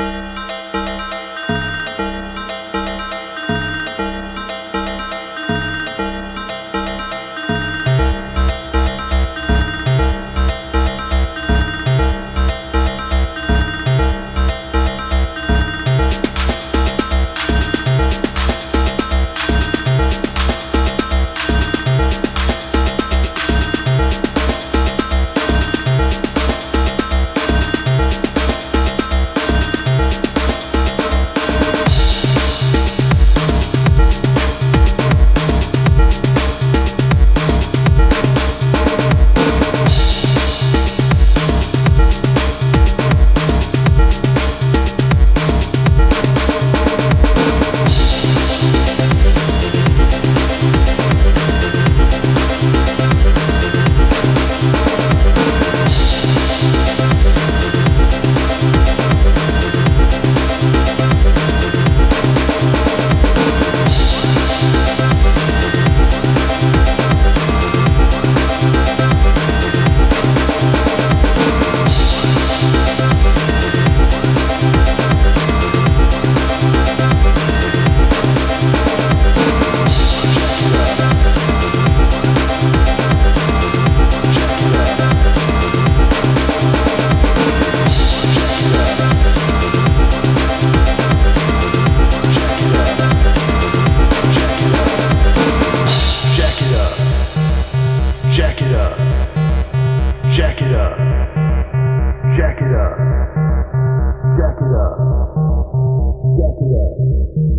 Música Jack it up. Jack it up. Jack it up. Jack it up.